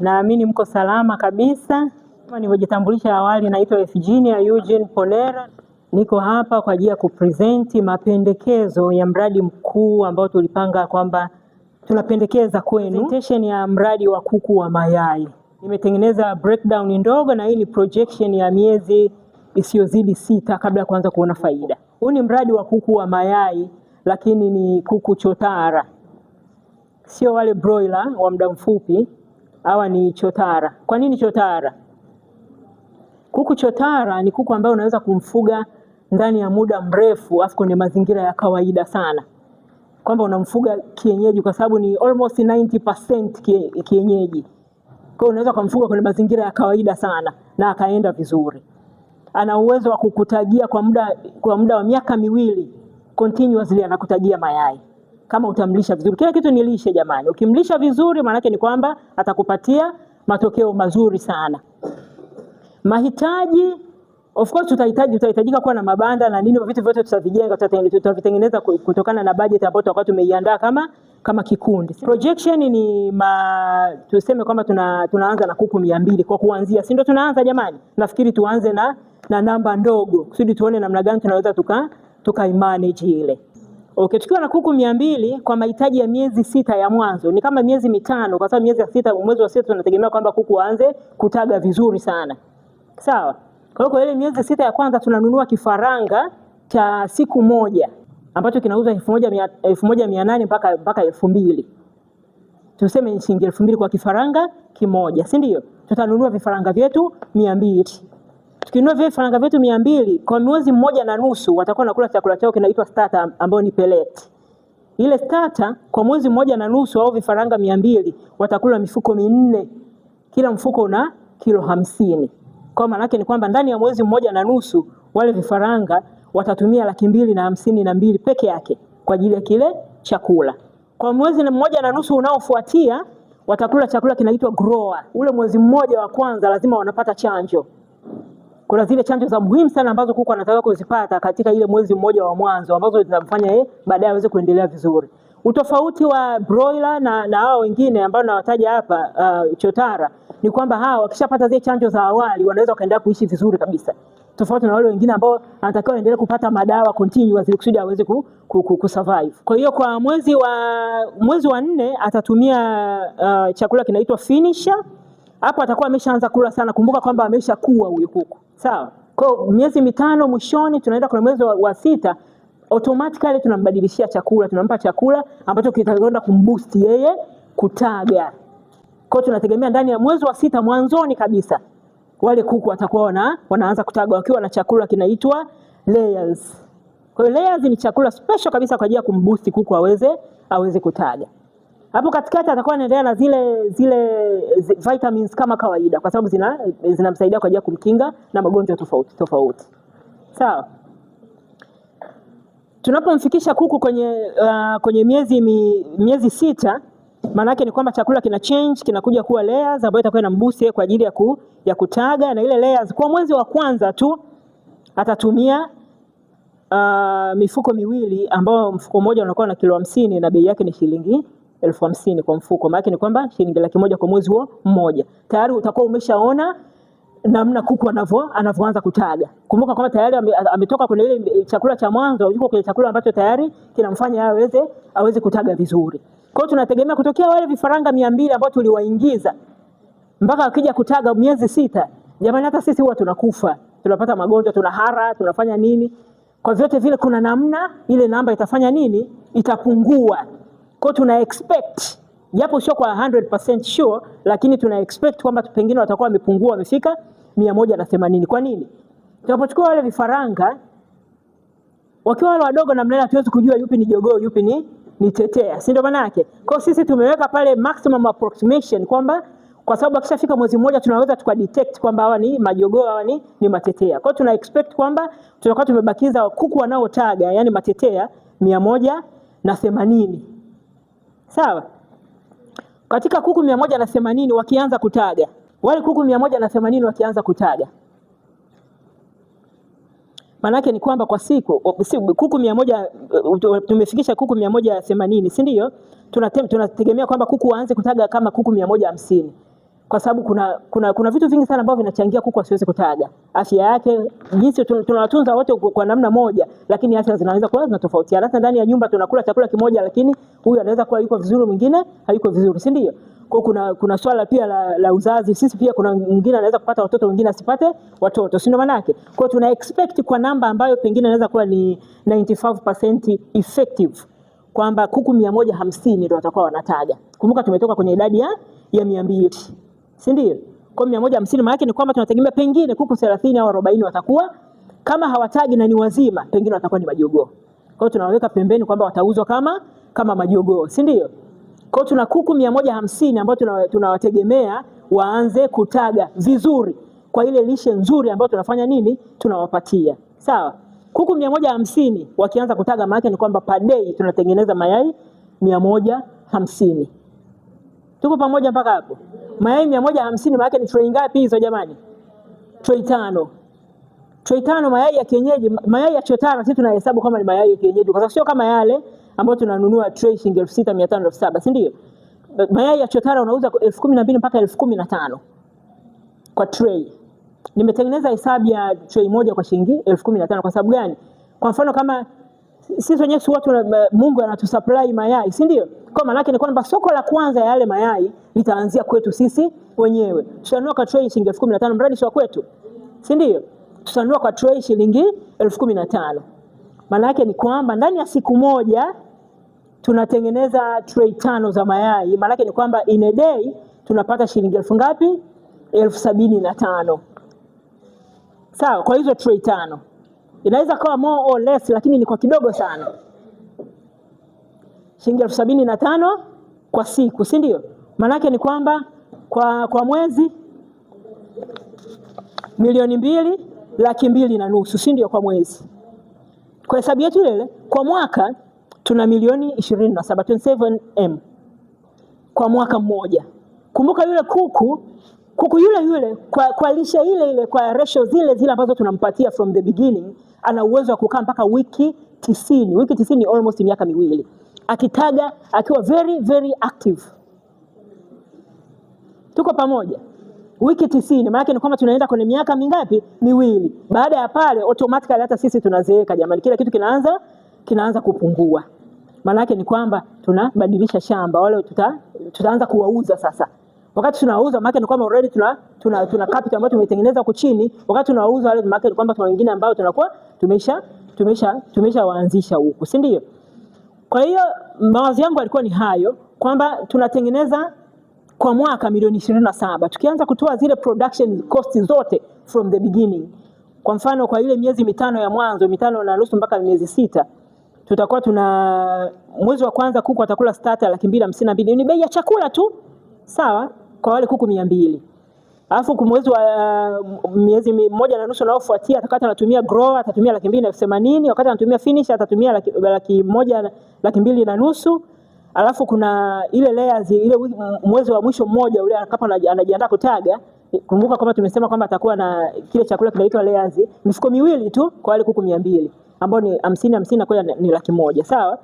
Naamini mko salama kabisa. Nilivyojitambulisha awali, naitwa Eugenia Eugene Ponera. Niko hapa kwa ajili ya kupresenti mapendekezo ya mradi mkuu ambao tulipanga kwamba tunapendekeza kwenu, presentation ya mradi wa kuku wa mayai. Nimetengeneza breakdown ndogo, na hii ni projection ya miezi isiyozidi sita kabla ya kuanza kuona faida. Huu ni mradi wa kuku wa mayai, lakini ni kuku chotara, sio wale broiler wa muda mfupi hawa ni chotara. Kwa nini chotara? Kuku chotara ni kuku ambaye unaweza kumfuga ndani ya muda mrefu, afu kwenye mazingira ya kawaida sana, kwamba unamfuga kienyeji, kwa sababu ni almost 90% kienyeji. Kwa hiyo unaweza kumfuga kwenye mazingira ya kawaida sana na akaenda vizuri. Ana uwezo wa kukutagia kwa muda kwa muda wa miaka miwili continuously anakutagia mayai kama utamlisha vizuri. Kila kitu ni lishe jamani, ukimlisha vizuri maanake ni kwamba atakupatia matokeo mazuri sana. Mahitaji of course tutahitaji, tutahitajika kuwa na mabanda na nini, vitu vyote tutavijenga, tutavitengeneza kutokana na budget ambayo tutakuwa tumeiandaa kama kama kikundi. Projection ni ma, tuseme kwamba tuna, tunaanza na kuku mia mbili kwa kuanzia, si ndio? Tunaanza jamani, nafikiri tuanze na na namba ndogo kusudi tuone namna gani tunaweza tuka tuka manage ile Okay, tukiwa na kuku mia mbili kwa mahitaji ya miezi sita ya mwanzo ni kama miezi mitano, kwa sababu miezi ya sita, mwezi wa sita tunategemea kwamba kuku waanze kutaga vizuri sana, sawa. Kwa hiyo kwa ile miezi sita ya kwanza tunanunua kifaranga cha siku moja ambacho kinauza elfu moja mia nane mpaka mpaka elfu mbili tuseme shilingi elfu mbili kwa kifaranga kimoja, si ndio? Tutanunua vifaranga vyetu mia mbili tukinunua vile vifaranga vyetu mia mbili kwa mwezi mmoja na nusu watakuwa nakula chakula chao kinaitwa starter ambayo ni pellet. Ile starter kwa mwezi mmoja na nusu au vifaranga mia mbili watakula mifuko minne, kila mfuko una kilo hamsini. Kwa maana yake ni kwamba ndani ya mwezi mmoja na nusu wale vifaranga watatumia laki mbili na hamsini na mbili peke yake kwa ajili ya kile chakula. Kwa mwezi mmoja na nusu unaofuatia watakula chakula kinaitwa grower. Ule mwezi mmoja wa kwanza lazima wanapata chanjo kuna zile chanjo za muhimu sana ambazo kuku anataka kuzipata katika ile mwezi mmoja wa mwanzo ambazo zitamfanya yeye baadaye aweze kuendelea vizuri. Utofauti wa broiler na na hao wengine ambao nawataja hapa uh, chotara ni kwamba hawa wakishapata zile chanjo za awali wanaweza wakaendelea kuishi vizuri kabisa, tofauti na wale wengine ambao anatakiwa endelee kupata madawa continuous ili kusudi aweze ku, ku, ku, ku survive. Kwa hiyo kwa mwezi wa mwezi wa nne atatumia uh, chakula kinaitwa finisher. Hapo atakuwa ameshaanza kula sana. Kumbuka kwamba ameshakuwa huyu kuku sawa. Kwa miezi mitano mwishoni, tunaenda kwa mwezi wa, wa sita automatically tunambadilishia chakula, tunampa chakula ambacho kitakwenda kumboost yeye kutaga. Kwa tunategemea ndani ya mwezi wa sita mwanzoni kabisa wale kuku watakuwa wana, wanaanza kutaga wakiwa na chakula kinaitwa layers. Kwa hiyo layers ni chakula special kabisa kwa ajili ya kumboost kuku aweze aweze kutaga. Hapo katikati atakuwa anaendelea na zile zile vitamins kama kawaida, kwa sababu zinamsaidia zina kwa ajili ya kumkinga na magonjwa tofauti tofauti. Sawa. Tunapomfikisha kuku kwenye uh, kwenye miezi mi, miezi sita, maana yake ni kwamba chakula kina change kinakuja kuwa layers ambayo itakuwa na mbusi kwa ajili ya, ku, ya kutaga na ile layers. Kwa mwezi wa kwanza tu atatumia uh, mifuko miwili ambayo mfuko mmoja unakuwa na kilo hamsini na bei yake ni shilingi elfu hamsini kwa mfuko. Maana ni kwamba shilingi laki moja kwa mwezi huo mmoja. Tayari utakuwa umeshaona namna kuku anavyo anavyoanza kutaga. Kumbuka kwamba tayari ametoka kwenye ile eh, chakula cha mwanzo, yuko kwenye chakula ambacho tayari kinamfanya aweze aweze kutaga vizuri. Kwa hiyo tunategemea kutokea wale vifaranga 200 ambao tuliwaingiza mpaka akija kutaga miezi sita. Jamani, hata sisi huwa tunakufa, tunapata magonjwa, tunahara, tunafanya nini? Kwa vyote vile, kuna namna ile namba itafanya nini, itapungua. Kwa tuna expect japo sio kwa 100% sure, lakini tuna expect kwamba pengine watakuwa wamepungua wamefika 180. Kwa nini? Tunapochukua wale vifaranga wakiwa wale wadogo na mlela, hatuwezi kujua yupi ni jogoo yupi ni ni tetea, si ndio? Maana yake kwa sisi tumeweka pale maximum approximation kwamba kwa sababu akishafika mwezi mmoja tunaweza tuka detect kwamba hawa ni majogoo hawa ni, ni matetea. Kwa hiyo tuna expect kwamba tutakuwa tumebakiza kuku wanaotaga yani matetea mia moja na themanini. Sawa. Katika kuku mia moja na themanini wakianza kutaga wale kuku mia moja na themanini wakianza kutaga, maanake ni kwamba kwa siku kuku mia moja tumefikisha kuku mia moja themanini, si ndio? Tunategemea kwamba kuku waanze kutaga kama kuku mia moja hamsini kwa sababu kuna, kuna, kuna vitu vingi sana ambavyo vinachangia kuku asiweze kutaga. Afya yake, jinsi tunawatunza wote kwa namna moja, lakini afya zinaweza kuwa zinatofautiana. Hata ndani ya nyumba tunakula chakula kimoja, lakini huyu anaweza kuwa yuko vizuri, mwingine hayuko vizuri, si ndio? Kwa kuna, kuna swala pia la, la uzazi. Sisi pia kuna mwingine anaweza kupata watoto, mwingine asipate watoto, si ndio? Maana yake kwa tuna expect kwa namba ambayo pengine anaweza kuwa ni 95% effective kwamba kuku 150 ndio watakuwa wanataga. Kumbuka tumetoka kwenye idadi ya ya 200 si ndio? Kwa mia moja hamsini maana yake ni kwamba tunategemea pengine kuku 30 au 40 watakuwa kama hawatagi na ni wazima, pengine watakuwa ni majogoo. Kwa hiyo tunaweka pembeni kwamba watauzwa kama kama majogoo, si ndio? Kwa tuna kuku mia moja hamsini ambao tunawategemea tuna waanze kutaga vizuri kwa ile lishe nzuri ambayo tunafanya nini, tunawapatia sawa. Kuku mia moja hamsini wakianza kutaga, maana yake ni kwamba per day tunatengeneza mayai mia moja hamsini. Tuko pamoja mpaka hapo? mayai mia moja hamsini maana ni trei ngapi hizo jamani? Trei tano. Trei tano mayai ya kienyeji, mayai ya chotara sisi tunahesabu kama ni mayai ya kienyeji kwa sababu sio kama yale ambayo tunanunua trei shilingi elfu sita mia tano elfu saba si ndio? Mayai ya chotara unauza elfu kumi na mbili mpaka elfu kumi na tano kwa trei. Nimetengeneza hesabu ya trei moja kwa shilingi elfu kumi na tano kwa sababu gani? Kwa mfano kama sisi wenyewe si watu, Mungu anatusupply mayai, si ndio? Kwa maana yake ni kwamba soko la kwanza ya yale mayai litaanzia kwetu sisi wenyewe. Tutanua kwa tray shilingi elfu kumi na tano mradi sio kwetu, si ndio? Tutanua kwa tray shilingi elfu kumi na tano maana yake ni kwamba ndani ya siku moja tunatengeneza tray tano za mayai. Maana yake ni kwamba in a day tunapata shilingi elfu ngapi? elfu sabini na tano sawa, kwa hizo tray tano inaweza kawa more or less, lakini ni kwa kidogo sana. Shilingi elfu sabini na tano kwa siku, si ndio? Maanake ni kwamba kwa, kwa mwezi milioni mbili laki mbili na nusu, si ndio? Kwa mwezi, kwa hesabu yetu ile, kwa mwaka tuna milioni ishirini na saba, 27M kwa mwaka mmoja. Kumbuka yule kuku kuku yule yule kwa, kwa lishe ile ile kwa ratio zile zile ambazo tunampatia from the beginning, ana uwezo wa kukaa mpaka wiki tisini. Wiki tisini ni almost miaka miwili, akitaga akiwa very very active. Tuko pamoja? Wiki tisini maanake ni kwamba tunaenda kwenye miaka mingapi? Miwili. Baada ya pale automatically hata sisi tunazeeka jamani, kila kitu kinaanza kinaanza kupungua. Maanake ni kwamba tunabadilisha shamba, wale tuta, tutaanza kuwauza sasa Wakati tunauza maana ni kwamba already tuna tuna, tuna capital ambayo tumetengeneza huko chini. Wakati tunauza wale maana ni kwamba kuna wengine ambao tunakuwa tumesha tumesha tumesha waanzisha huko, si ndio? Kwa hiyo mawazo yangu yalikuwa ni hayo kwamba tunatengeneza kwa mwaka milioni 27 tukianza kutoa zile production cost zote from the beginning. Kwa mfano kwa ile miezi mitano ya mwanzo, mitano na nusu mpaka miezi sita tutakuwa tuna mwezi wa kwanza kuku atakula starter laki mbili hamsini na mbili. Ni bei ya chakula tu, sawa kwa wale kuku mia mbili alafu mwezi wa uh, miezi mmoja na nusu unaofuatia, wakati anatumia grow atatumia laki mbili na themanini wakati anatumia finish atatumia laki, laki moja laki mbili na nusu alafu kuna ile layers ile mwezi wa mwisho mmoja ule akapo anajiandaa kutaga. Kumbuka kwamba tumesema kwamba atakuwa na kile chakula kinaitwa layers, mifuko miwili tu kwa wale kuku mia mbili ambao ni hamsini hamsini na kwa ni laki moja sawa.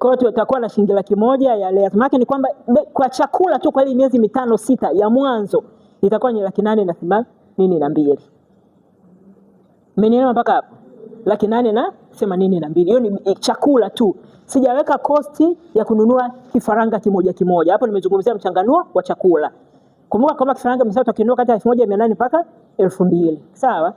Kwa hiyo na shilingi laki moja ya layers. Maana ni kwamba kwa chakula tu kwa ile miezi mitano sita ya mwanzo itakuwa ni laki nane na themanini na mbili. Mmenielewa mpaka hapo? Laki nane na themanini na mbili. Hiyo ni chakula tu, sijaweka kosti ya kununua kifaranga kimoja kimoja. Hapo nimezungumzia mchanganuo wa chakula. Kumbuka kama kifaranga msao utakinunua kati ya 1800 mpaka 2000. Sawa?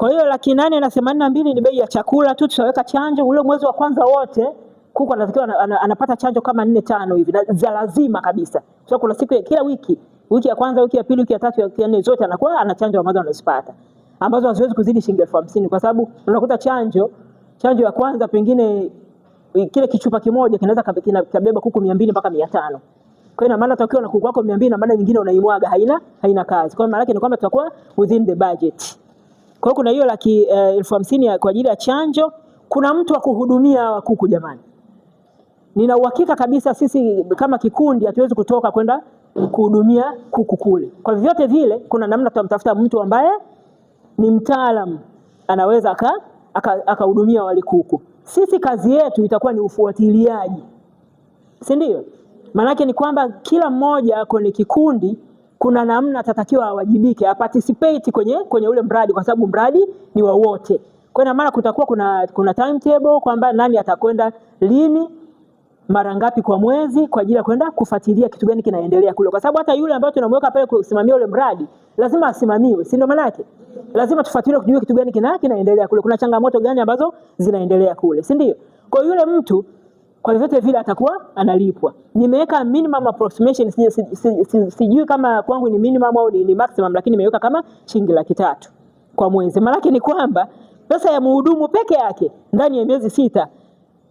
Kwa hiyo laki nane na themanini na mbili ni bei ya chakula tu, tutaweka chanjo ule mwezi wa kwanza wote kuku anatakiwa anapata chanjo kama nne tano hivi za lazima kabisa, kwa kuna siku ya kila wiki, wiki ya kwanza, wiki ya pili, wiki ya tatu, wiki ya nne, zote anakuwa ana chanjo ambazo anazipata ambazo haziwezi kuzidi shilingi elfu hamsini kwa sababu unakuta chanjo chanjo ya kwanza pengine eh, kile kichupa kimoja kinaweza kabeba kuku 200 mpaka 500. kwa hiyo maana utakiwa na kuku wako 200 na maana nyingine unaimwaga haina haina kazi. Kwa hiyo maana yake ni kwamba tutakuwa within the budget. Kwa hiyo kuna hiyo laki eh, elfu hamsini kwa ajili ya chanjo. Kuna mtu wa kuhudumia hawa kuku jamani. Nina uhakika kabisa sisi kama kikundi hatuwezi kutoka kwenda kuhudumia kuku kule. Kwa vyote vile, kuna namna tutamtafuta mtu ambaye ni mtaalamu anaweza akahudumia aka, aka wale kuku. Sisi kazi yetu itakuwa ni ufuatiliaji, si ndio? Maanake ni kwamba kila mmoja kwenye kikundi kuna namna atatakiwa awajibike, aparticipate kwenye kwenye ule mradi, kwa sababu mradi ni wa wote. Kwa hiyo maana kutakuwa kuna, kuna timetable kwamba nani atakwenda lini mara ngapi kwa mwezi kwa ajili ya kwenda kufuatilia kitu gani kinaendelea kule, kwa sababu hata yule ambaye tunamweka pale kusimamia ule mradi lazima asimamiwe, si ndio? Maana yake lazima tufuatilie, kujua kitu gani kina kinaendelea kule, kuna changamoto gani ambazo zinaendelea kule, si ndio? Kwa yule mtu kwa vyote vile atakuwa analipwa. Nimeweka minimum approximation, sijui si, si, si, si, si, kama kwangu ni minimum au ni ni maximum, lakini nimeweka kama shilingi laki tatu kwa mwezi. Maana yake ni kwamba pesa ya mhudumu peke yake ndani ya miezi sita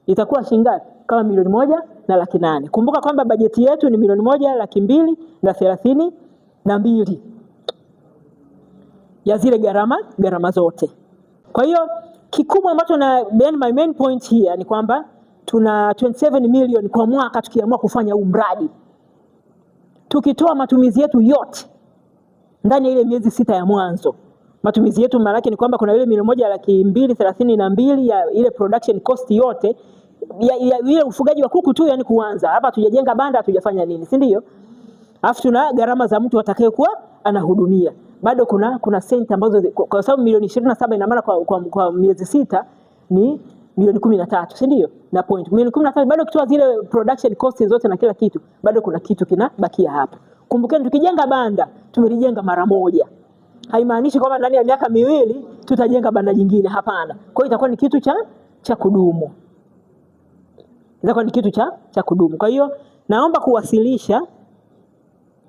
itakuwa shilingi kama milioni moja na laki nane. Kumbuka kwamba bajeti yetu ni milioni moja laki mbili na thelathini na mbili ya zile gharama gharama zote. Kwa hiyo kikubwa ambacho na my main point here ni kwamba tuna 27 milioni kwa mwaka tukiamua kufanya huu mradi, tukitoa matumizi yetu yote ndani ya ile miezi sita ya mwanzo. Matumizi yetu maana yake ni kwamba kuna ile milioni moja laki mbili thelathini na mbili ya ile production cost yote ya, ya, ile ufugaji wa kuku tu, yani kuanza hapa, tujajenga banda, tujafanya nini, si ndio? Alafu tuna gharama za mtu atakayekuwa anahudumia bado kuna kuna senti ambazo kwa sababu milioni 27 ina maana kwa, kwa, kwa miezi sita ni milioni kumi na tatu si ndio? Na point milioni kumi na tatu bado kutoa zile production cost zote na kila kitu, bado kuna kitu kinabakia hapa. Kumbukeni, tukijenga banda tumelijenga mara moja, haimaanishi kwamba ndani ya miaka miwili tutajenga banda jingine. Hapana, kwa hiyo itakuwa ni kitu cha cha kudumu, itakuwa ni kitu cha cha kudumu. Kwa hiyo naomba kuwasilisha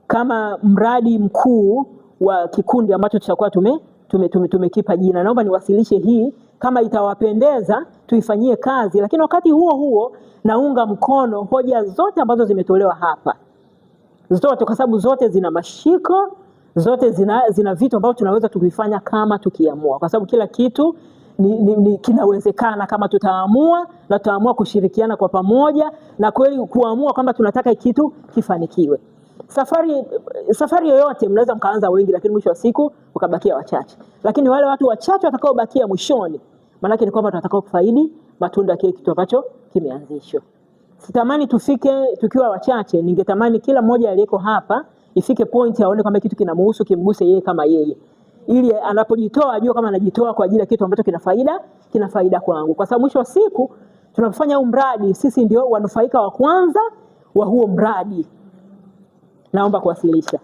kama mradi mkuu wa kikundi ambacho tutakuwa tume tumekipa tume, tume jina, naomba niwasilishe hii kama itawapendeza tuifanyie kazi, lakini wakati huo huo naunga mkono hoja zote ambazo zimetolewa hapa zote, kwa sababu zote zina mashiko, zote zina, zina vitu ambavyo tunaweza tukifanya kama tukiamua, kwa sababu kila kitu ni, ni, ni kinawezekana kama tutaamua na tutaamua kushirikiana kwa pamoja na kweli kuamua kwamba tunataka kitu kifanikiwe safari safari yoyote mnaweza mkaanza wengi, lakini mwisho wa siku ukabakia wachache. Lakini wale watu wachache watakaobakia mwishoni, maanake ni kwamba tutakao kufaidi matunda ya kile kitu ambacho kimeanzishwa. Sitamani tufike tukiwa wachache, ningetamani kila mmoja aliyeko hapa ifike point aone kwamba kitu kinamhusu, kimguse yeye kama yeye, ili anapojitoa ajue kama anajitoa kwa ajili ya kitu ambacho kina faida, kina faida kwangu, kwa sababu mwisho wa siku tunapofanya huu mradi, sisi ndio wanufaika wa kwanza wa huo mradi. Naomba kuwasilisha.